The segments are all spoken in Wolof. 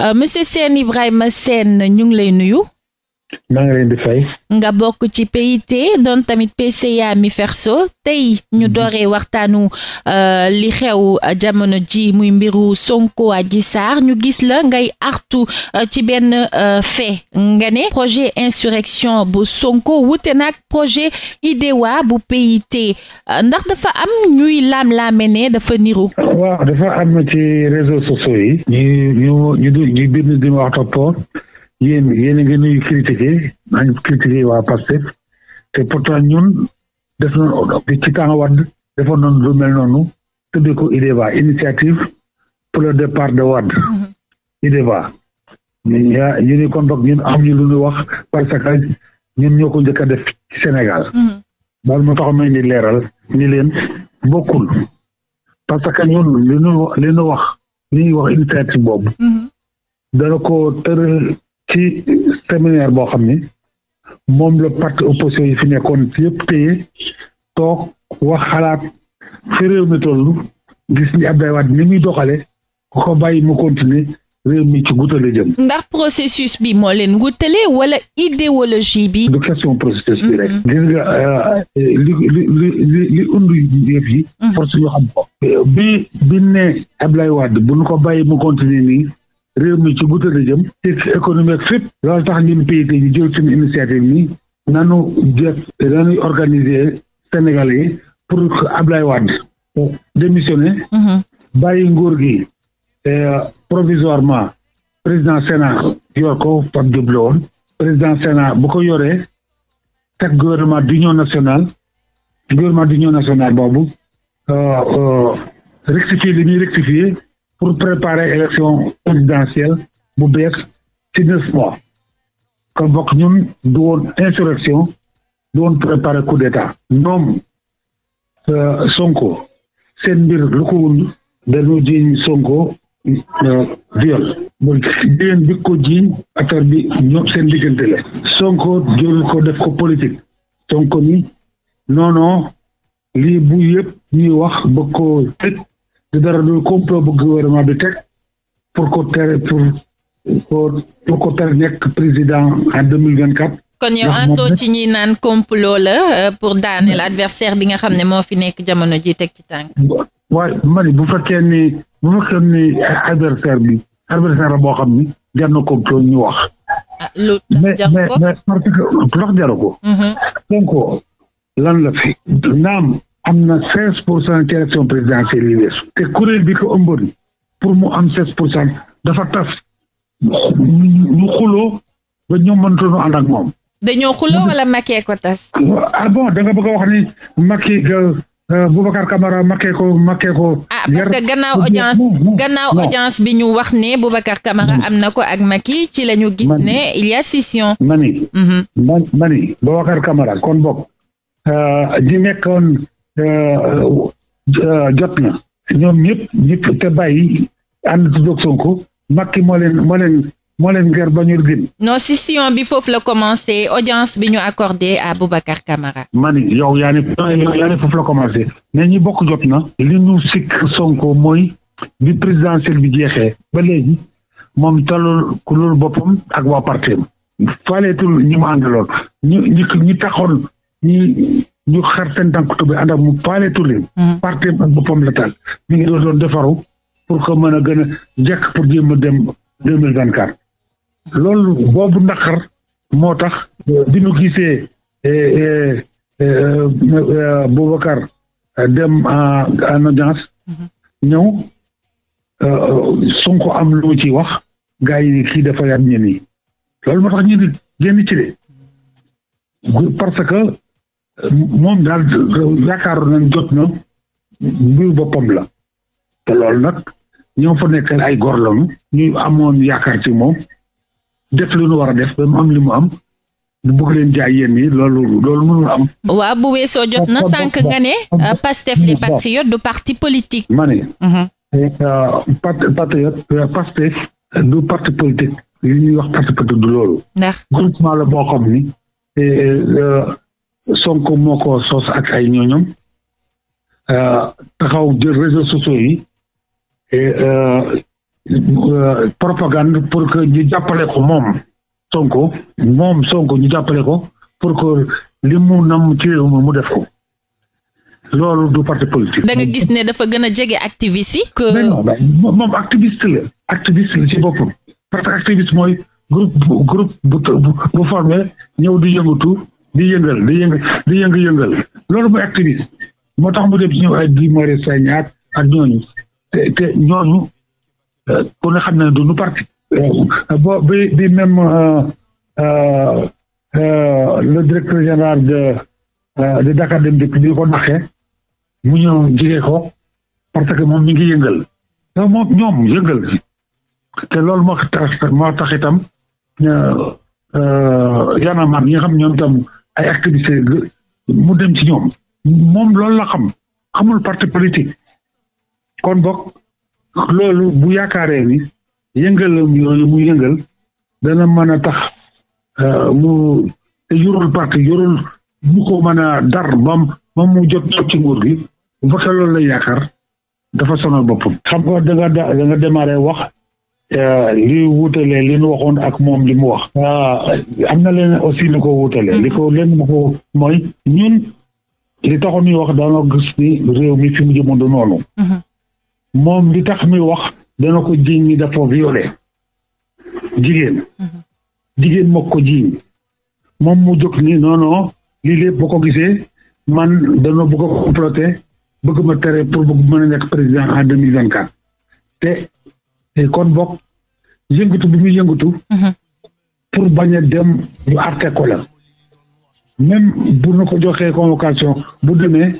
Euh, monsieur Sène Ibrahima Sène ñu ngi lay nuyu. maa ngi leen nga bokk ci PIT doon tamit PCA Miferso tey ñu dooree waxtaanu euh, li xew jamono ji muy mbiru Sonko Adji Sarr ñu gis la ngay artu euh, ci benn euh, fait nga ne projet insurection bu Sonko wute nag projet IDEWA bu PIT ndax dafa am ñuy laam-laame ne dafa niru. waaw dafa am ci réseaux sociaux yi. ñu ñu ñu bind di waxtaan yéen yéen a ngi nuyu critiqué nañu critiqué waa Pastef te pourtant ñun def noonu ci temps Wade defoon noonu lu mel noonu tuddee ko IDEVA initiative pour le départ de Wade mm-hmm. IDEVA yaa ñu ni kon ñun am ñu lu ñu wax parce que ñun ñoo ko njëkk a def ci Sénégal daal mm-hmm. moo tax ma indi leeral ni leen bokkul parce que ñun li ñu li ñu wax li ñuy wax initiative boobu mm-hmm. dana ko tëral ci séminaire boo xam ni moom la parti opposition yi fi nekkoon yëpp téye toog wax xalaat fi réew mi toll gis ni Abdoulaye Wade ni muy doxale ku ko bàyyi mu continuer réew mi ci guutale jëm. ndax processus bi moo leen wutale wala idéologie bi. du question processus bi rek. Mm-hmm. gis nga euh, li li li li undu yi. Mm-hmm. force yoo xam ko. bi bi ne Abdoulaye bu nu ko bàyyi mu continuer nii. réew mi ci guddal jëm ci économie ak fépp loolu tax ñun pays yi ñu jël seen initiative ni nanu def organiser Sénégal yi pour que Ablaye Wade démissionné mhm. bàyyi nguur gi euh, provisoirement président Sénat yor ko Pape Diop la président Sénat bu ko yoree teg gouvernement d'union nationale gouvernement d'union national boobu euh, euh, rectifier li rectifier pour préparer élection présidentielle bu bees ci neuf mois kon bokk ñun du woon insurrection du woon préparer coup d'état ñoom euh, Sonko seen mbir lu ko wund dañu jiiñ Sonko euh, viol ba jigéen bi ko jiiñ affaire bi ñoom seen diggante Sonko jël ko def ko politique Sonko ni non non lii bu ñuy wax ba ko di dara du complot bu gouvernement bi teg pour ko tere pour pour ko tere nekk président en deux mille vingt quatre kon yow àndoo ci ñi naan complot la euh, pour daaneel adversaire bi nga xam ne moo fi nekk jamono ji teg ci tànk waaye mani bu fekkee ni bu fekkee ni adversaire bi adversaire la boo xam ni jar na complot ñu wax ah, mais mais parce que lox jaru ko mhm. Sonko lan la fi naam am na seize pour cent ci élection présidentielle te kuréel bi ko ëmboon pour mu am seize pour cent dafa tas ñu xuloo ba ñoom mëntoonu ànd moom dañoo xuloo wala Macky ko tas ah, ah bon da nga bëgg a wax ni Macky euh, Boubacar Camara Macky ko Macky ko ah parce que gannaaw audience gannaaw audience bi ñu wax ne Boubacar Camara am na ko ak Macky ci lañu ñu gis ne il y a mani mani mhm. Boubacar Camara kon bokk euh, ñi nekkoon Euh, euh, euh, jot na ñoom ñëpp ñëpp te bàyyi ànd tuddoog Sonko Macky moo leen moo leen moo leen nger ba ñu gën. non session bi foofu la commencé audience bi ñu accordé à Boubacar Camara. mani yow yaa ne yow yaa la commencé mais ñi bokk jot na. li ñu sikk Sonko mooy bi présidentielle bi jeexee ba léegi moom talul ku loolu boppam ak waa parteem faaleetul ñi mu àndaloon ñi ñi ñi ñi. ñu xar seen tànk tubé ànd ak mu paale turleen mm-hmm. parti ak boppam la taal ñu ngi doon doon defaru pour que mën a gën a jekk pour jéem a dem deux mille vingt quatre loolu boobu naqar moo tax bi ñu gisee eh, eh, eh, Boubacar dem en audience mm-hmm. ñëw euh, Sonko am lu ci wax gay yi dafa yar ñenn yi loolu moo tax ñu génn ci de parce que moom daal yaakaaroon na jot na mbir boppam la te loolu nag ñoo fa nekkal ay góor lañu ñu amoon yaakaar ci moom def lu ñu war a def ba mu am li mu am du bëgg leen jaay yéen yi loolu loolu am. waaw bu weesoo jot na sànq nga ne euh, Pastef les patriotes du parti politique. ma ne. Mhm. Euh, patriote euh, Pastef du parti politique li ñuy wax parti politique du loolu. ndax boo xam ni. Sonko moo ko sos ak ay ñooñom euh, taxaw jël réseaux sociaux yi et euh, euh, propagande pour que ñu jàppale ko moom Sonko moom Sonko ñu jàppale ko pour que li mu nam ci réew mi mu def ko loolu du parti politique. da nga gis ne dafa gën a jege activiste yi. que moom activiste la. activiste la ci boppam activiste mooy groupe groupe bu formé ñëw di yëngatu. di yëngal di yëngal di yëngu yëngal loolu mooy activiste moo tax mu dem ci ñëw ay Guy Marius Sagna ak ak ñooñu te ñooñu euh, ku ne xam ne du ñu parti bo bi bi même euh, euh, le directeur général de de Dakar Dem Dikk bi ko naxee mu ñëw jigee ko parce que moom mi ngi yëngal donc moom ñoom yëngal te loolu moo tax moo tax itam yanamaat ñi nga xam ñoom tam ay activités mu dem ci ñoom moom loolu la xam xamul parti politique kon bokk loolu bu yaakaaree ni yëngalam yooyu mu yëngal dana mën a tax euh, mu te yorul parti yorul mu ko mën a dar bam moom mu jot ci nguur gi bu fekkee loolu lay yaakaar dafa sonal boppam xam nga da nga da nga wax Euh, li wutale li nu waxoon ak moom li mu wax ah, am na leen aussi mhm. li ko wutale li ko leen mu ko mooy ñun li taxoon ñuy wax daanoo gis ni réew mi fi mu jëmoon du noonu mhm. moom li tax mi wax dana ko jiiñ ni dafa violé jigéen mhm. jigéen moo ko jiiñ moom mu jóg ni non non lii boo ko gisee man dana bëgg a comploté bëgg ma tere pour bëgg mën a nekk président en deux mille vingt quatre te kon bokk yëngatu bi muy yëngatu. Mhm. pour bañ a dem ñu àtte ko la même bu ñu ko joxe convocation bu demee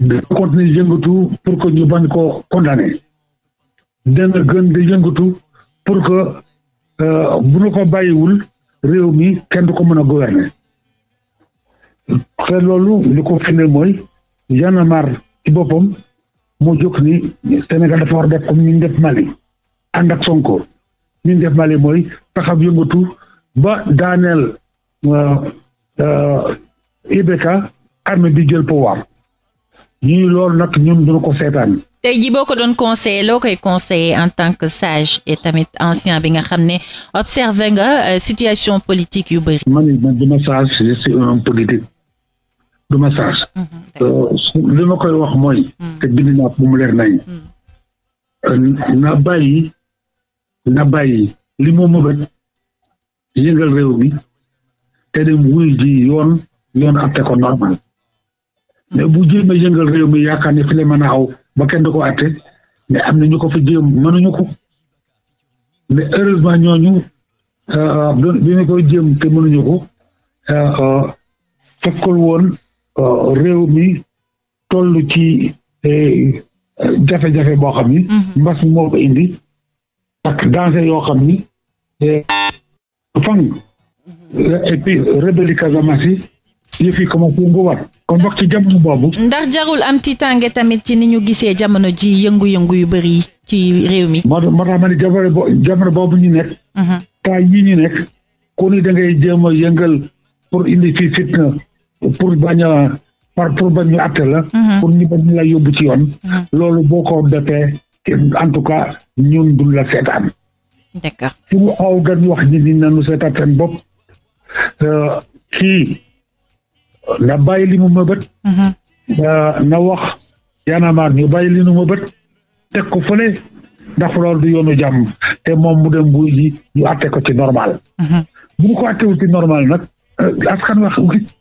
dina continuer yëngatu pour que ñu bañ ko condamné dina gën di yëngatu pour que euh, bu ñu ko bàyyiwul réew mi kenn du ko mën a gouverner te loolu nu ko firndeel mooy Y'en a marre ci boppam moo jóg ni Sénégal dafa war def comme ñu def Mali. ànd ak Sonko ñu def Mali mooy taxaw yëngatu ba daaneel euh, euh, IBK armée bi jël pouvoir ñii loolu nag ñoom duñu ko seetaan. te ji boo ko doon conseiller loo koy conseiller en tant que sage et tamit ancien bi nga xam ne observé nga euh, situation politique yu bëri. man du ma sage je politique du ma sage. Mhm, li ma wax mooy. Mhm. te bind naa bu mhm. na bàyyi na bàyyi li mu mëbët yëgal réew mi te dem ji yoon yoon atte ko normal mais bu jéem a yëngal réew mi yaakaar ne fi mën a aw ba kenn du ko atte mais am na ñu ko fi jéem mënuñu ko mais heureusement ñooñu euh, euh, bi ñu koy jéem te mënuñu ko euh, fekkul woon réew mi toll ci eh, jafe-jafe boo xam ni mhm. mbas moo ko indi ak danger yoo xam ni eh, fan et puis rebelle Casamance yi yëf yi commencé yënguwaat kon dox ci jamono boobu ndax jarul am tiitaange tamit ci ni ñu gisee jamono ji yëngu-yëngu yu bëri ci réew mi moo moo tax ma ne jamono jamono boobu ñu nekk mhm. taa yii ñu nekk ku ni da ngay jéem yëngal pour indi fii fitna pour bañ a pour bañ mhm. bañ la yóbbu ci yoon mhm. loolu boo ko defee en tout cas ñun duñ la seetaan. d'accord suñu xaw dañ wax ni ni nañu seetaan seen bopp euh, kii na bàyyi li mu mëbët. Mhm. Euh, na wax yanamaar ñu bàyyi li mu mëbët teg ko fële ndax loolu du yoonu jàmm te moom mu dem buy ji ñu àtte ko ci normal. Mhm. bu ñu ko àttewul ci normal nag euh, askan wax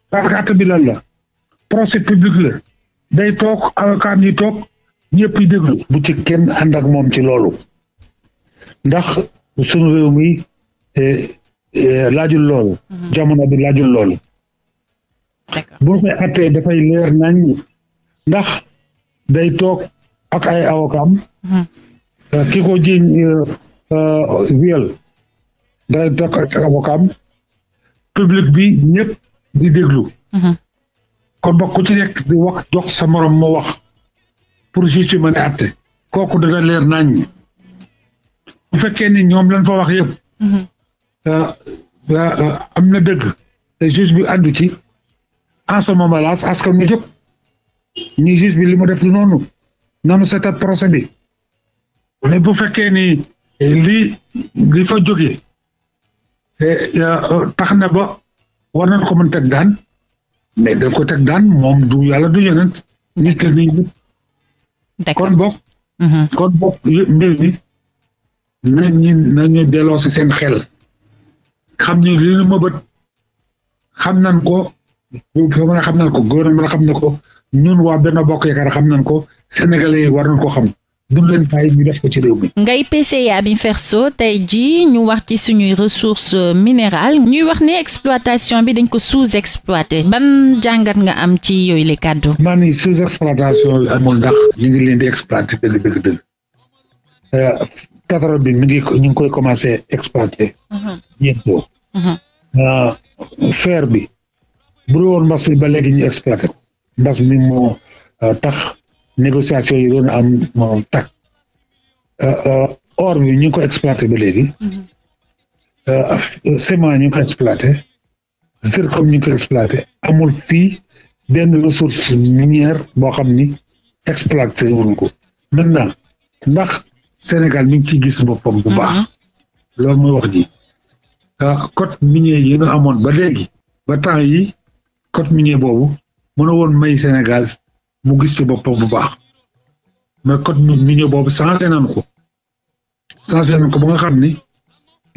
parce que bi lan la procès public la day toog avocat yi toog. ñëpp yi bu ci kenn ànd ak moom ci loolu ndax sunu réew mi eh, eh, laajul loolu mhm. jamono bi laajul loolu bu koy attee dafay leer nañ ndax day toog ak ay awokaam mhm. eh, ki ko jiiñ viol day toog ak public bi ñëpp di déglu mhm. kon ba ku ci nekk di wax jox sa morom mu wax pour juge bi mën a atte kooku dana leer nañ bu fekkee ni ñoom lañ fa wax yëpp mhm. euh, euh, euh, am na dëgg te bi àndu ci en ce moment là askan ñu jëpp ñi juge bi li mu def du noonu nanu seetaat procès bi mais bu fekkee ni li li fa jógee tax ba war nañ ko mën teg daan mais dañ ko teg daan moom du yàlla du yonent nit la kon bokk. kon bokk mbir mi nañ ñu nañ delloo si seen xel xam ni li ñu xam nañ ko fa mën a xam nañ ko gouvernement xam na ko ñun waa benn bokk yaakaar xam nañ ko sénégalais war nañ ko xam. duñ leen bàyyi ñu def ko ci réew mi. ngay PCA bi Ferso tey jii ñu wax ci suñuy ressources euh, minérales ñuy wax ne exploitation bi dañ ko sous-exploité ban jàngat nga am ci yooyu les kàddu. maa ni sous-exploitation bi amul ndax ñu ngi leen di exploité dëgg dëgg euh, pétrole bi mi ngi ñu ngi koy commencé exploité. Uh-huh. bientôt. Uh-huh. Euh, fer bi bu dul woon mbas bi ba léegi ñu exploité mbas mi moo tax. négociation yi doon am moom tak euh, euh, or bi ñu ngi ko exploité ba léegi mm-hmm. euh, ciment ñu ngi ko exploité zircon ñu ngi ko exploité amul fii benn ressource minière boo xam ni exploité wuñ ko maintenant ndax Sénégal mi ngi ciy gis boppam bu baax mm-hmm. loolu mooy wax ji code minier yi ñu amoon ba léegi ba temps yi code minier boobu mën a woon may Sénégal mu gis ci boppam bu baax mais code minier boobu changé nañ ko changé nañ ko ba nga xam ni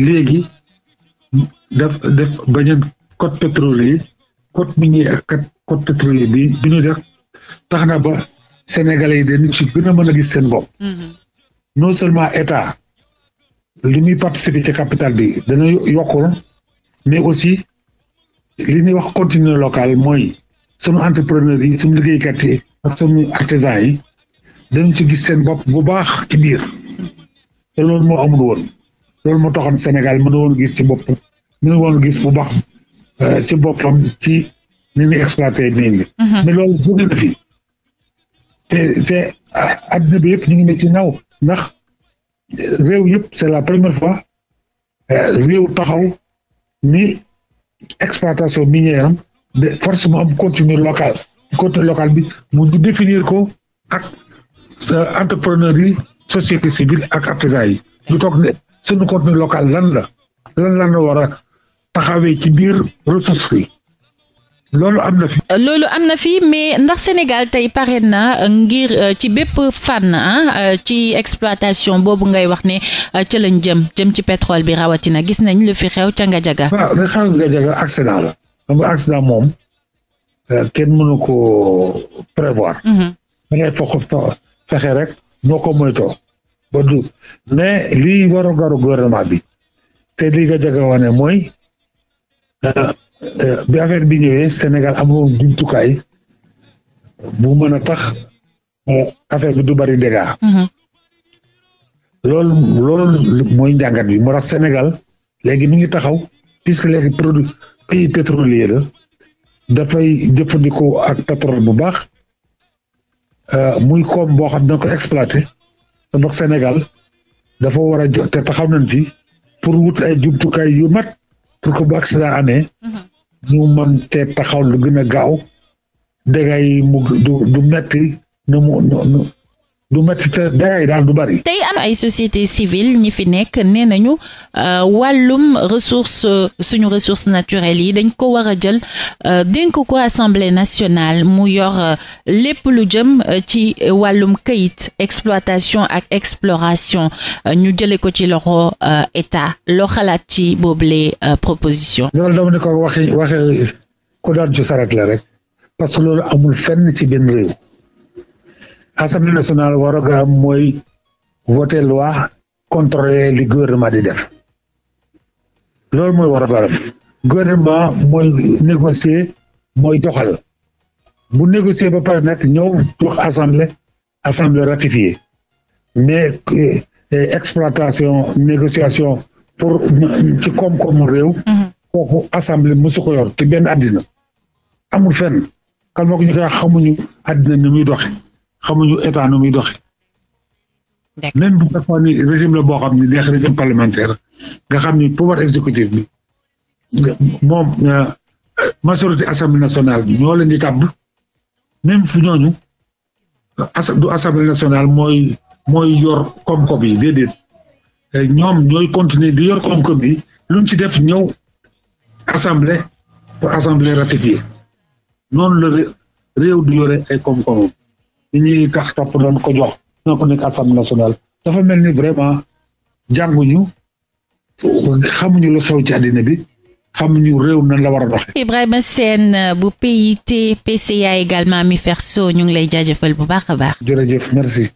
léegi def def beneen code pétrolier code minier ak code pétrolier bi bi ñu def tax na ba Sénégalais yi dañu ci gën a mën a gis seen bopp. Mm-hmm. non seulement état li muy participer ci capital bi dana yokkul mais aussi li ñuy wax continuer local mooy sunu entrepreneur yi sunu liggéeykat yi. ak suñu artisan yi dañ ci gis seen bopp bu baax ci biir te loolu moo amul woon loolu moo taxoon Sénégal mënu woon gis ci bopp mënu woon gis bu baax euh, ci boppam ci ni ñu exploité miin bi mhm. mais loolu jóge ah, yëpp ñu ngi ci naw ndax euh, réew yëpp c'est la première fois euh, réew taxaw ni exploitation minière am de force mu am contenu local côté local bi mu ñu définir ko ak entrepreneur yi société civile ak artisan yi ñu toog ne suñu contenu local lan la lan lan la war taxawee ci biir ressource bi loolu am na fi. loolu mais ndax Sénégal tey pare na ngir euh, ci bépp fànn euh, ci exploitation boobu ngay wax ne euh, ca lañ jëm jëm ci pétrole bi rawatina gis nañ lu fi xew ca Ngajaga. waaw li la xam nga moom Euh, kenn mënu ko prévoir. Mhm. fexe rek noo ko moytoo ba du mais lii war a garu gouvernement bi te lii nga jaga wane mooy euh, euh, bi affaire bi ñëwee Sénégal amul jumtukaay bu mën a tax affaire bi du bari dégâts. Mhm. loolu loolu mooy njàngat bi moo Sénégal léegi mi ngi taxaw puisque léegi produit pays dafay jëfandikoo ak pétrole bu baax euh, muy koom boo xam ne dañ ko exploité te ndox Sénégal dafa war a te taxaw nañ ci pour wut ay jumtukaay yu mat pour que bu accident amee mhm. ñu mën te taxaw lu gën a gaaw dégâts yi mu du du metti nu mu du métti te dégâts yi daal du bari. tey am ay société civile ñi fi nekk nee nañu euh, wàllum ressource suñu ressource naturelle yi dañ ko war a jël euh, dénk ko assemblée nationale mu yor euh, lépp lu jëm ci wàllum kayit exploitation ak exploration ñu jëlee ko ci loxo état loo xalaat ci le proposition. loolu dama ne parce que loolu amul assemblée nationale war a am mooy voter loi contrôler li gouvernement di def loolu mooy war a baram gouvernement mooy négocier mooy doxal bu négocier ba pare nag ñëw jox assemblée assemblée ratifiée mais eh, exploitation négociation pour ci koom-koomu réew mhm. kooku assemblée mosu ko yor ci benn àddina amul fenn kan moo ko ñu xamuñu àddina ni muy doxe xamuñu état nu muy doxee. même bu fekkoon ni régime la boo xam ne neex régime parlementaire nga xam ni pouvoir exécutif bi moom euh, majorité assemblée nationale bi ñoo leen di tàbb même fu ñooñu as du assemblée nationale mooy mooy yor koom-koom yi déedéet ñoom ñooy continuer di yor koom-koom yi luñ ci def ñëw assemblée pour assemblée ratifiée noonu la réew du yore ay koom li ñuy kax kapp doon ko jox ñoo ko nekk assemblée nationale dafa mel ni vraiment jànguñu xamuñu lu xew ci àddina bi xamuñu réew nan la war a doxe Ibrahima Sène bu PIT PCA également mi Ferso ñu ngi lay jaajëfal bu baax a baax jërëjëf merci